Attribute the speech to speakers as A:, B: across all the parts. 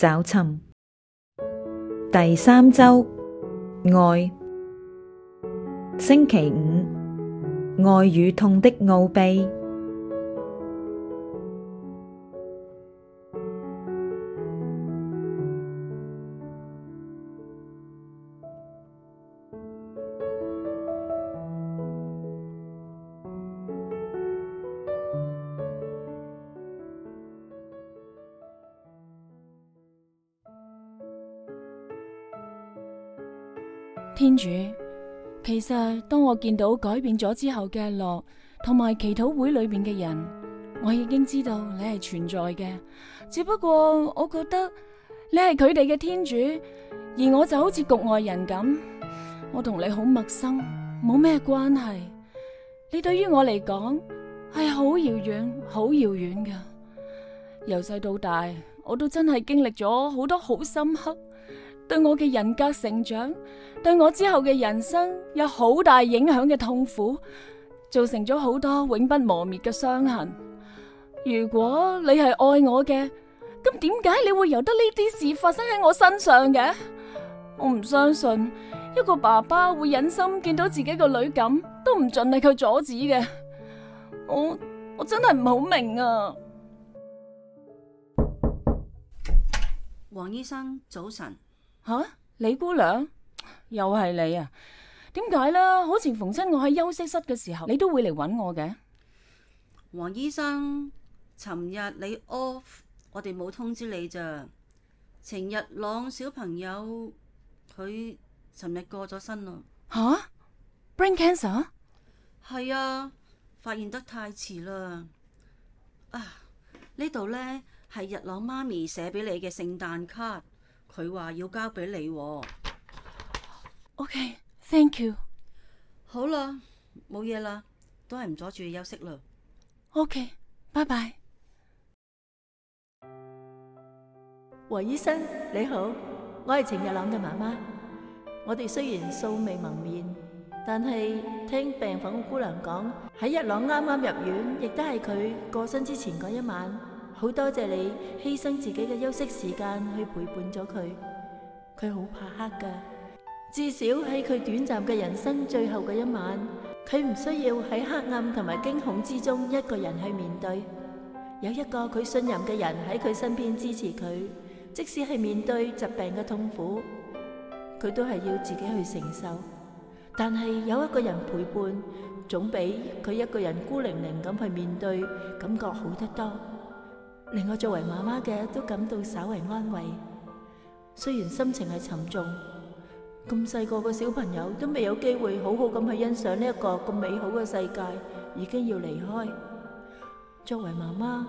A: 找尋第三週，愛，星期五，愛與痛的奧秘。
B: 其實當我見到改變咗之後嘅樂同埋祈禱會裏邊嘅人，我已經知道你係存在嘅。只不過我覺得你係佢哋嘅天主，而我就好似局外人咁。我同你好陌生，冇咩關係。你對於我嚟講係好遙遠、好遙遠嘅。由細到大，我都真係經歷咗好多好深刻。對我嘅人格成長，對我之後嘅人生有好大影響嘅痛苦，造成咗好多永不磨滅嘅傷痕。如果你係愛我嘅，咁點解你會由得呢啲事發生喺我身上嘅？我唔相信一個爸爸會忍心見到自己個女咁，都唔盡力去阻止嘅。我我真係唔好明啊！黃醫生，早晨。吓，李姑娘，又係你啊？點解啦？好似逢親我喺休息室嘅時候，你都會嚟揾我嘅。黃醫生，
C: 尋日你 off，我哋冇通知你咋。程日朗小朋友，佢尋日過咗身喇。
B: 吓，brain cancer？
C: 係啊，發現得太遲啦。啊，呢度呢係日朗媽咪寫俾你嘅聖誕卡。佢話要交俾你喎。OK，thank you。好啦，冇嘢啦，都係唔阻住你休息啦。OK，拜拜。黃醫生，你好，我係程日朗嘅媽媽。我哋雖然素未謀面，但係聽病房嘅姑娘講，喺日朗啱啱入院，亦都係佢過身之前嗰一晚。好多謝你犧牲自己嘅休息時間去陪伴咗佢。佢好怕黑㗎，至少喺佢短暫嘅人生最後嘅一晚，佢唔需要喺黑暗同埋驚恐之中一個人去面對。有一個佢信任嘅人喺佢身邊支持佢，即使係面對疾病嘅痛苦，佢都係要自己去承受。但係有一個人陪伴，總比佢一個人孤零零咁去面對感覺好得多。令我作為媽媽嘅都感到稍為安慰，雖然心情係沉重，咁細個嘅小朋友都未有機會好好咁去欣賞呢一個咁美好嘅世界，已經要離開。作為媽媽，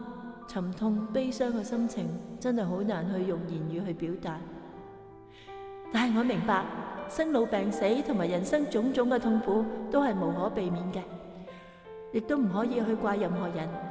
C: 沉痛悲傷嘅心情真係好難去用言語去表達。但係我明白，生老病死同埋人生種種嘅痛苦都係無可避免嘅，亦都唔可以去怪任何人。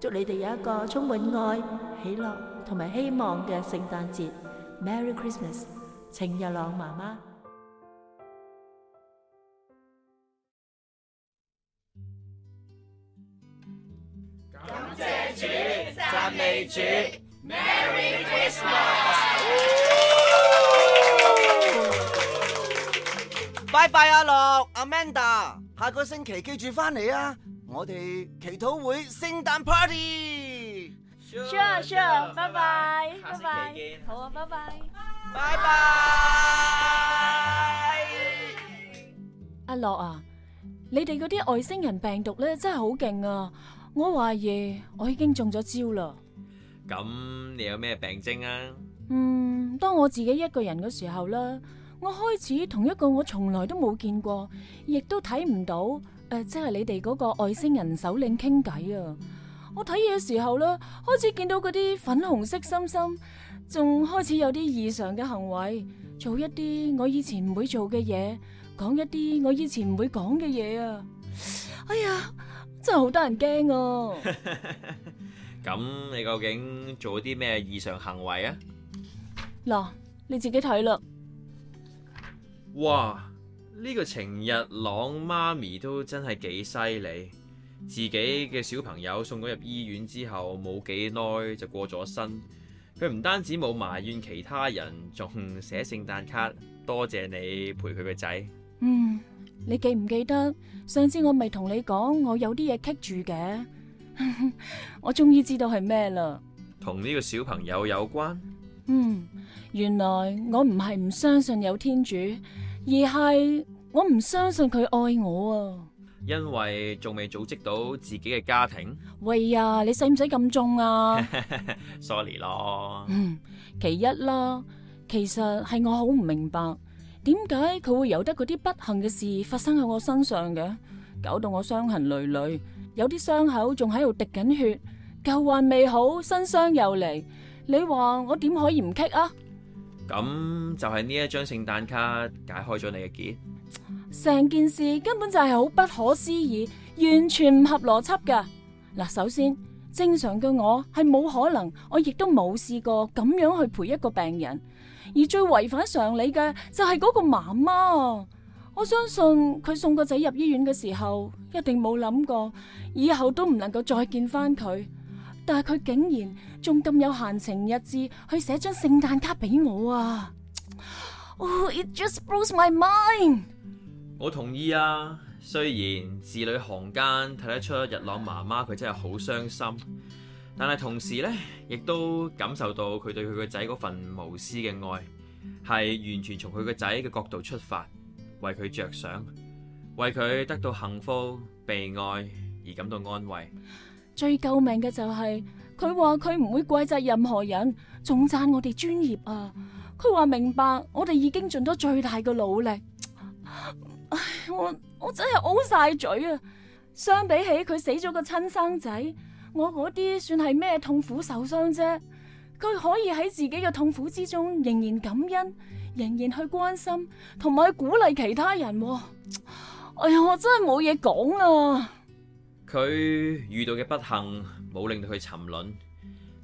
C: 祝你哋有一個充滿愛、喜樂同埋希望嘅聖誕節，Merry Christmas！程日朗媽媽。
B: 感謝主，讚美主，Merry
C: Christmas！拜拜，阿樂，Amanda，下個星期記住翻嚟啊！我哋祈禱會聖誕 party，sure sure，拜拜，拜拜，好啊，拜拜，拜拜。
B: 阿樂啊，你哋嗰啲外星人病毒咧真係好勁啊！我懷疑我已經中咗招啦。
D: 咁你有咩病徵啊？嗯，
B: 當我自己一個人嘅時候啦，我開始同一個我從來都冇見過，亦都睇唔到。誒，即係你哋嗰個外星人首領傾偈啊！我睇嘢嘅時候咧，開始見到嗰啲粉紅色心心，仲開始有啲異常嘅行為，做一啲我以前唔會做嘅嘢，講一啲我以前唔會講嘅嘢啊！哎呀，真係好得人驚啊！
D: 咁你究竟做咗啲咩異常行為啊？
B: 嗱，你自己睇啦！
D: 哇！呢個程日朗媽咪都真係幾犀利，自己嘅小朋友送咗入醫院之後冇幾耐就過咗身，佢唔單止冇埋怨其他人，仲寫聖誕卡多謝你陪佢個仔。
B: 嗯，你記唔記得上次我咪同你講，我有啲嘢棘住嘅， 我終於知道係咩啦，
D: 同呢個小朋友有關。嗯，
B: 原來我唔係唔相信有天主。而係我唔相信佢愛我啊！
D: 因為仲未組織到自己嘅家庭。
B: 喂呀，你使唔使咁中啊
D: ？Sorry 咯。嗯，
B: 其一啦，其實係我好唔明白，點解佢會由得嗰啲不幸嘅事發生喺我身上嘅？搞到我傷痕累累，有啲傷口仲喺度滴緊血，舊患未好，新傷又嚟，你話我點可以唔棘啊？
D: 咁就係呢一張聖誕卡，解開咗你嘅結？
B: 成件事根本就係好不可思議，完全唔合邏輯㗎。嗱，首先正常嘅我係冇可能，我亦都冇試過咁樣去陪一個病人，而最違反常理嘅就係嗰個媽媽。我相信佢送個仔入醫院嘅時候，一定冇諗過以後都唔能夠再見返佢。但係佢竟然仲咁有閒情逸致去寫張聖誕卡俾我啊！Oh, it just blows my mind。
D: 我同意啊，雖然字裡行間睇得出日朗媽媽佢真係好傷心，但係同時呢，亦都感受到佢對佢個仔嗰份無私嘅愛，係完全從佢個仔嘅角度出發，為佢着想，為佢得到幸福、被愛而感到安慰。
B: 最救命嘅就係，佢話佢唔會怪責任何人，仲讚我哋專業啊！佢話明白我哋已經盡咗最大嘅努力。唉，我我真係 O 晒嘴啊！相比起佢死咗個親生仔，我嗰啲算係咩痛苦受傷啫？佢可以喺自己嘅痛苦之中，仍然感恩，仍然去關心同埋去鼓勵其他人啊。哎呀，我真係冇嘢講啦。
D: 佢遇到嘅不幸冇令到佢沉淪，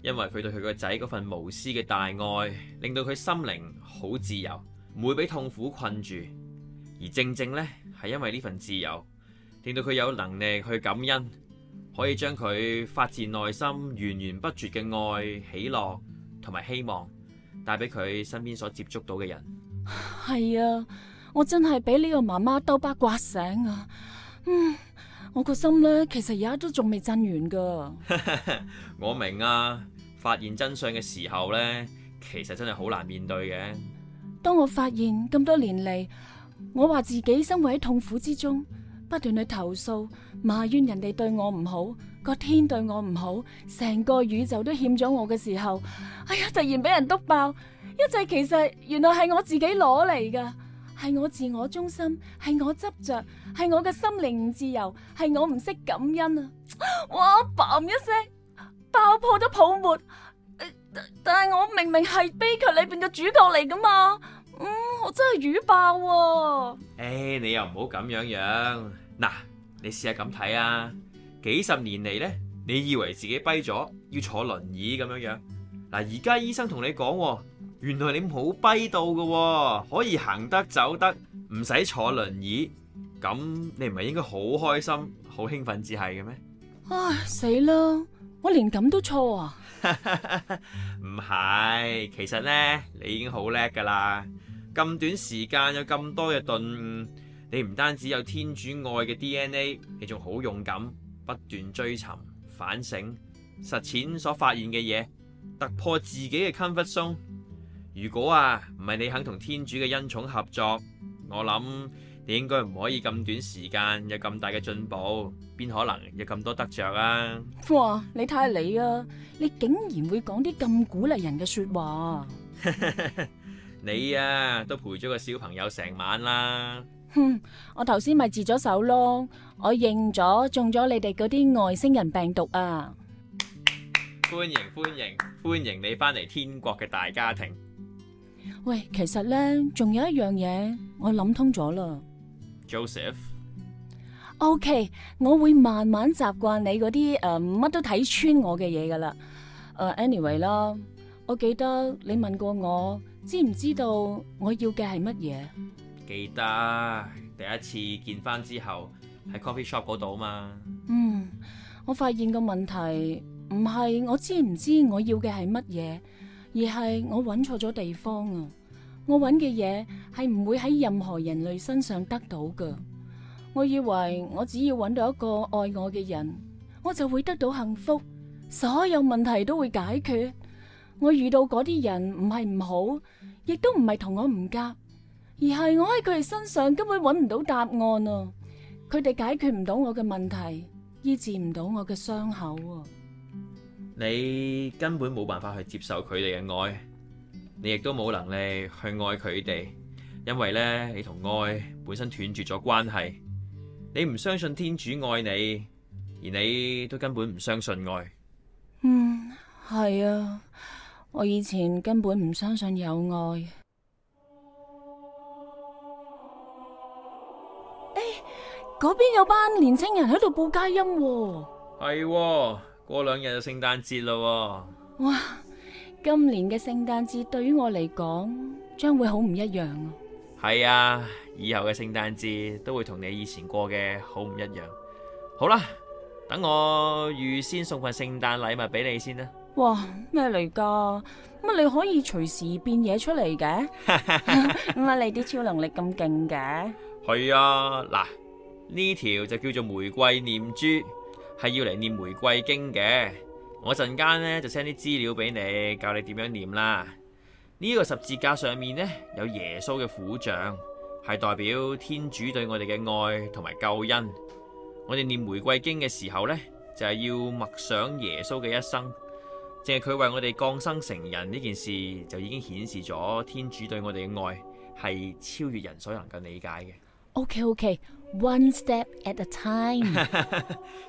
D: 因為佢對佢個仔嗰份無私嘅大愛，令到佢心靈好自由，唔會俾痛苦困住。而正正咧，係因為呢份自由，令到佢有能力去感恩，可以將佢發自內心源源不絕嘅愛、喜樂同埋希望，帶俾佢身邊所接觸到嘅人。
B: 係啊，我真係俾呢個媽媽兜巴刮醒啊，嗯。我個心咧，其實而家都仲未震完噶。
D: 我明啊，發現真相嘅時候咧，其實真係好難面對嘅。
B: 當我發現咁多年嚟，我話自己生活喺痛苦之中，不斷去投訴、埋怨人哋對我唔好，個天對我唔好，成個宇宙都欠咗我嘅時候，哎呀，突然俾人篤爆，一切其實原來係我自己攞嚟噶。係我自我中心，係我執着，係我嘅心靈唔自由，係我唔識感恩啊！哇，砰一聲，爆破咗泡沫。但係我明明係悲劇裏邊嘅主角嚟㗎嘛。嗯，我真係瘀爆。誒，
D: 你又唔好咁樣樣。嗱，你試下咁睇啊，幾十年嚟咧，你以為自己跛咗要坐輪椅咁樣樣？嗱，而家醫生同你講喎，原來你冇跛到嘅，可以行得走得，唔使坐輪椅。咁你唔係應該好開心、好興奮至係嘅咩？
B: 唉，死啦！我連咁都錯啊！唔
D: 係， 其實呢，你已經好叻噶啦。咁短時間有咁多嘅頓悟，你唔單止有天主愛嘅 D N A，你仲好勇敢，不斷追尋、反省、實踐所發現嘅嘢。突破自己嘅 comfort zone。如果啊，唔係你肯同天主嘅恩寵合作，我諗你應該唔可以咁短時間有咁大嘅進步，邊可能有咁多得着啊？
B: 哇！你睇下你啊，你竟然會講啲咁鼓勵人嘅說話。
D: 你啊，都陪咗個小朋友成晚啦。
B: 哼，我頭先咪自咗手咯，我認咗，中咗你哋嗰啲外星人病毒啊！
D: 歡迎歡迎歡迎你翻嚟天國嘅大家庭。
B: 喂，其實咧，仲有一樣嘢，我諗通咗
D: 啦。Joseph，OK，、
B: okay, 我會慢慢習慣你嗰啲誒，乜、呃、都睇穿我嘅嘢㗎喇。誒、uh,，anyway 啦，我記得你問過我，知唔知道我要嘅係乜嘢？
D: 記得第一次見翻之後，喺 coffee shop 嗰度嘛。
B: 嗯，我發現個問題。唔係我知唔知我要嘅係乜嘢，而係我揾錯咗地方啊。我揾嘅嘢係唔會喺任何人類身上得到㗎。我以為我只要揾到一個愛我嘅人，我就會得到幸福，所有問題都會解決。我遇到嗰啲人唔係唔好，亦都唔係同我唔夾，而係我喺佢哋身上根本揾唔到答案啊。佢哋解決唔到我嘅問題，醫治唔到我嘅傷口啊。
D: 你根本冇辦法去接受佢哋嘅愛，你亦都冇能力去愛佢哋，因為咧你同愛本身斷絕咗關係。你唔相信天主愛你，而你都根本唔相信愛。
B: 嗯，係啊，我以前根本唔相信有愛。誒，哎，嗰邊有班年青人喺度報佳音喎，
D: 啊。係喎，啊。過兩日就聖誕節咯，
B: 哇！今年嘅聖誕節對於我嚟講將會好唔一樣
D: 啊。係啊，以後嘅聖誕節都會同你以前過嘅好唔一樣。好啦，等我預先送份聖誕禮物俾你先啦。
B: 哇，咩嚟噶乜你可以隨時變嘢出嚟嘅？乜你啲超能力咁勁嘅？
D: 係啊，嗱，呢條就叫做玫瑰念珠。係要嚟念玫瑰經嘅，我陣間呢就 send 啲資料俾你，教你點樣念啦。呢個十字架上面呢有耶穌嘅苦像，係代表天主對我哋嘅愛同埋救恩。我哋念玫瑰經嘅時候呢，就係要默想耶穌嘅一生，淨係佢為我哋降生成人呢件事就已經顯示咗天主對我哋嘅愛係超越人所能夠理解嘅。
B: OK OK。One step at a time。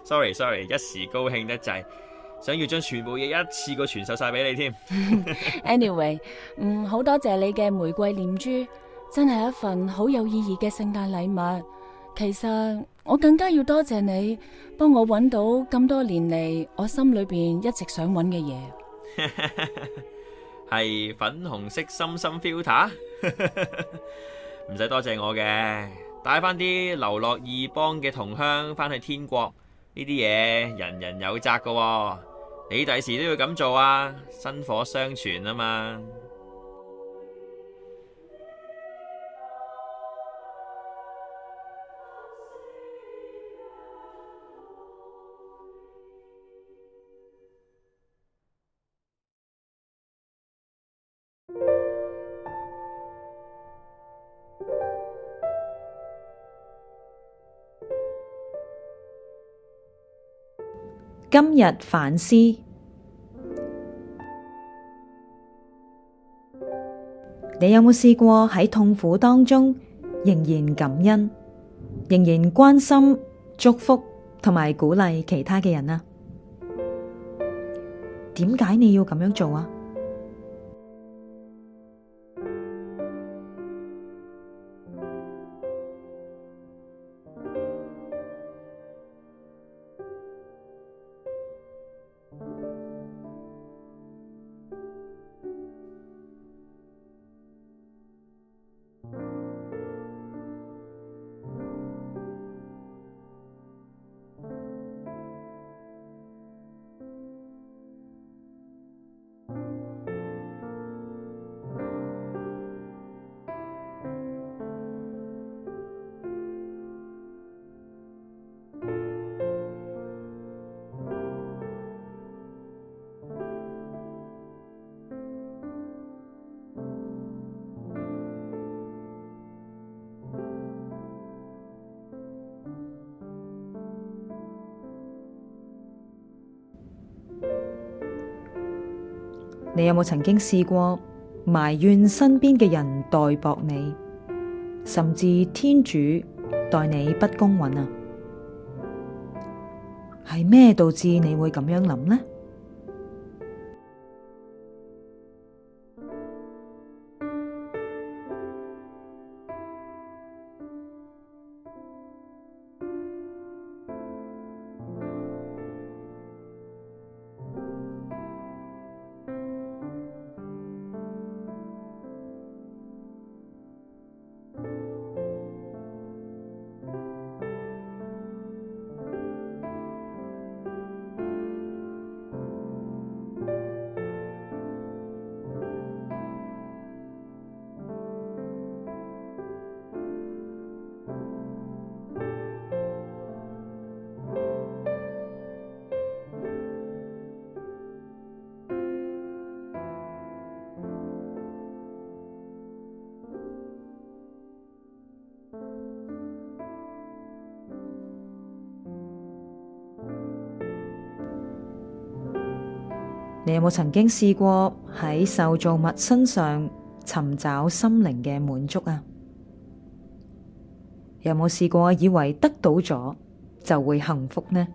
D: Sorry，sorry，一時高興得滯，想要將全部嘢一次過傳授晒俾你添。
B: Anyway，嗯，好多謝你嘅玫瑰念珠，真係一份好有意義嘅聖誕禮物。其實我更加要多謝你，幫我搵到咁多年嚟，我心裏邊一直想搵嘅嘢，
D: 係粉紅色深深 filter，唔使多謝我嘅。帶翻啲流落異邦嘅同鄉翻去天國，呢啲嘢人人有責㗎喎。你第時都要咁做啊，薪火相傳啊嘛。
A: 今日反思，你有冇試過喺痛苦當中仍然感恩、仍然關心、祝福同埋鼓勵其他嘅人啊？點解你要咁樣做啊？你有冇曾經試過埋怨身邊嘅人待薄你，甚至天主待你不公允啊？係咩導致你會咁樣諗呢？你有冇曾經試過喺受造物身上尋找心靈嘅滿足呀？有冇試過以為得到咗就會幸福呢？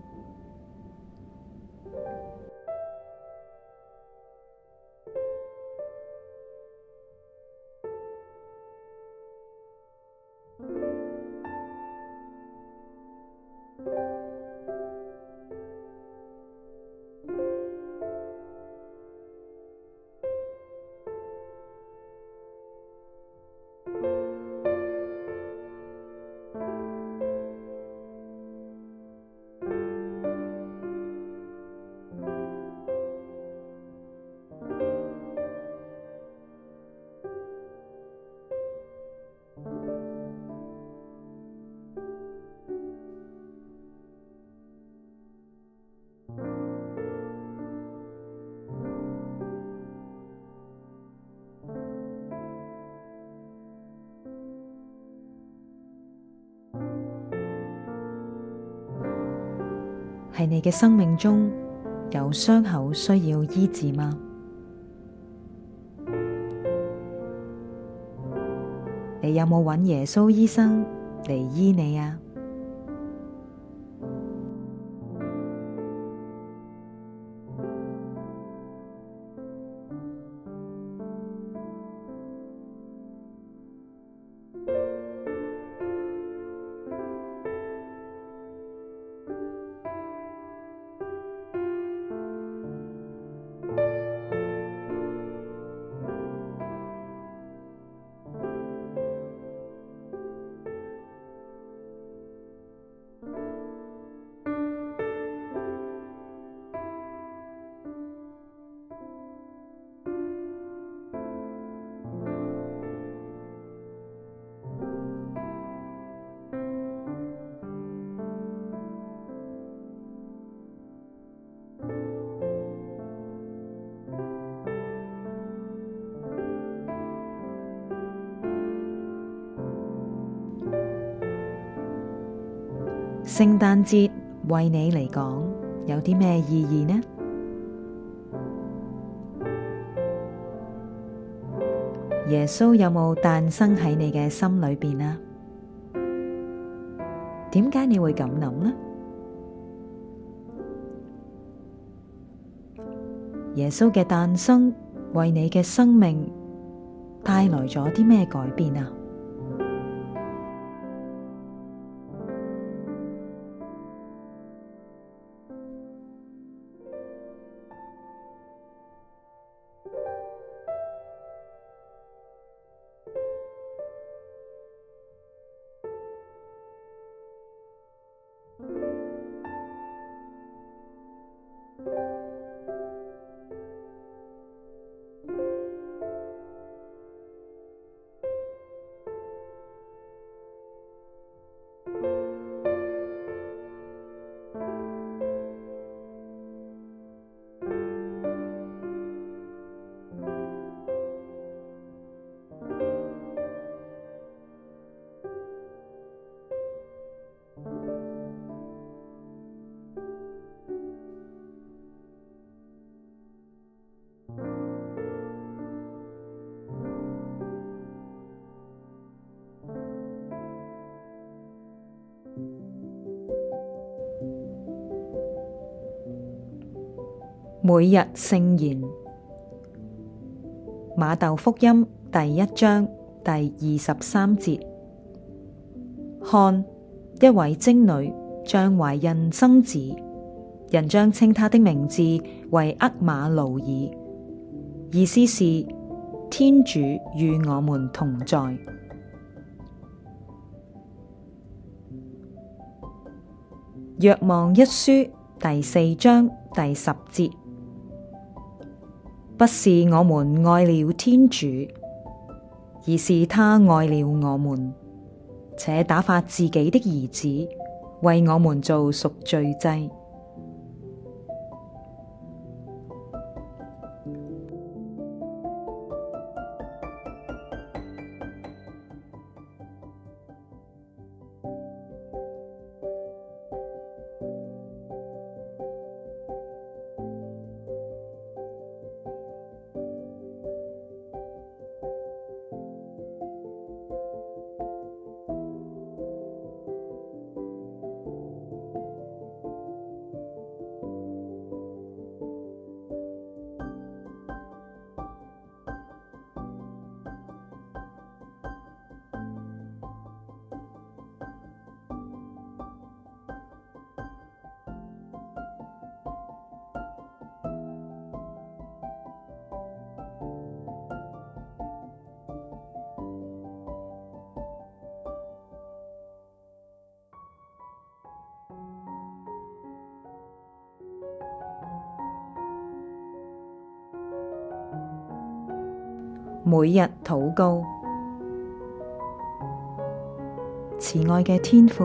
A: 喺你嘅生命中有傷口需要醫治嗎？你有冇揾耶穌醫生嚟醫你啊？聖誕節為你嚟講有啲咩意義呢？耶穌有冇誕生喺你嘅心裏邊啊？點解你會咁諗呢？耶穌嘅誕生為你嘅生命帶來咗啲咩改變啊？每日聖言，馬竇福音第一章第二十三節，看一位貞女將懷孕生子，人將稱他的名字為厄馬奴耳，意思是天主與我們同在。若望一書第四章第十節。不是我們愛了天主，而是他愛了我們，且打發自己的兒子，為我們做贖罪祭。每日禱告，慈愛嘅天父，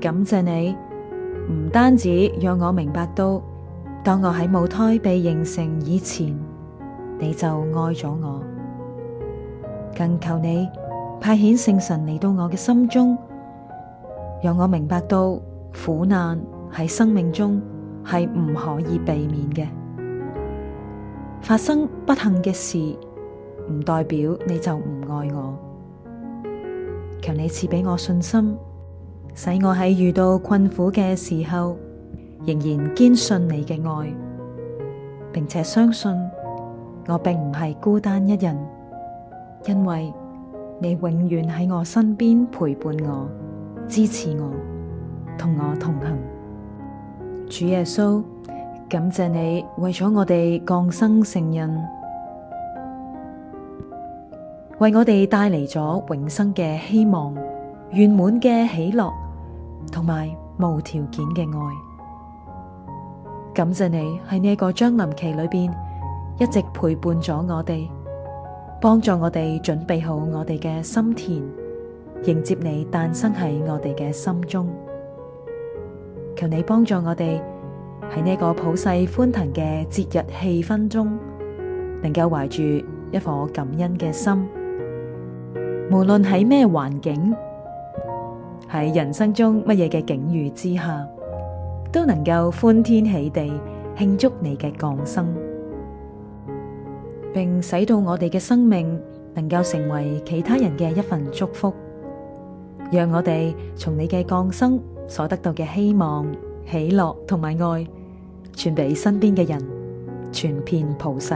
A: 感謝你唔單止讓我明白到，當我喺母胎被形成以前，你就愛咗我。更求你派遣聖神嚟到我嘅心中，讓我明白到苦難喺生命中係唔可以避免嘅。發生不幸嘅事。唔代表你就唔愛我，求你賜俾我信心，使我喺遇到困苦嘅時候，仍然堅信你嘅愛，並且相信我並唔係孤單一人，因為你永遠喺我身邊陪伴我、支持我、同我同行。主耶穌，感謝你為咗我哋降生成人。為我哋帶嚟咗永生嘅希望、圓滿嘅喜樂，同埋無條件嘅愛。感謝你喺呢個將臨期裏邊，一直陪伴咗我哋，幫助我哋準備好我哋嘅心田，迎接你誕生喺我哋嘅心中。求你幫助我哋喺呢個普世歡騰嘅節日氣氛中，能夠懷住一顆感恩嘅心。無論喺咩環境，喺人生中乜嘢嘅境遇之下，都能夠歡天喜地慶祝你嘅降生，並使到我哋嘅生命能夠成為其他人嘅一份祝福，讓我哋從你嘅降生所得到嘅希望、喜樂同埋愛，傳俾身邊嘅人，傳遍普世。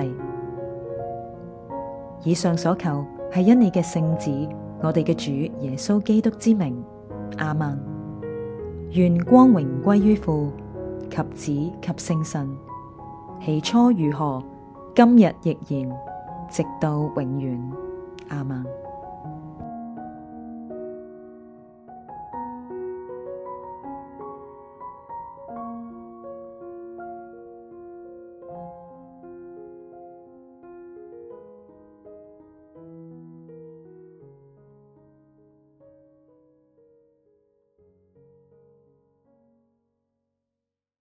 A: 以上所求，係因你嘅聖子，我哋嘅主耶穌基督之名，阿曼。願光榮歸於父及子及聖神。起初如何，今日亦然，直到永遠，阿曼。